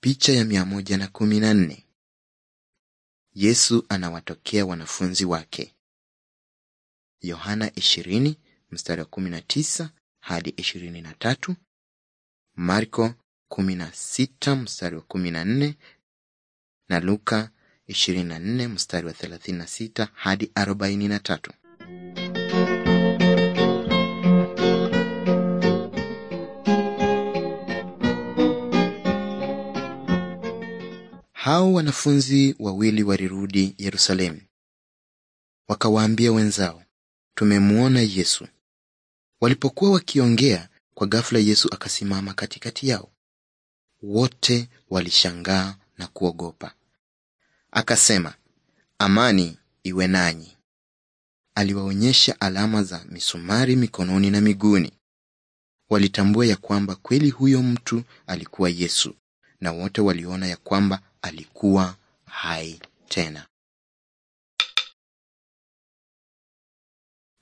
Picha ya mia moja na kumi na nne. Yesu anawatokea wanafunzi wake. Yohana ishirini mstari wa tisa hadi tatu Marko sita mstari wa kumi na Luka 24 mstari wa 36 hadi 43. Hao wanafunzi wawili walirudi Yerusalemu, wakawaambia wenzao, tumemwona Yesu. Walipokuwa wakiongea, kwa ghafula Yesu akasimama katikati yao. Wote walishangaa na kuogopa. Akasema, amani iwe nanyi. Aliwaonyesha alama za misumari mikononi na miguuni. Walitambua ya kwamba kweli huyo mtu alikuwa Yesu, na wote waliona ya kwamba alikuwa hai tena.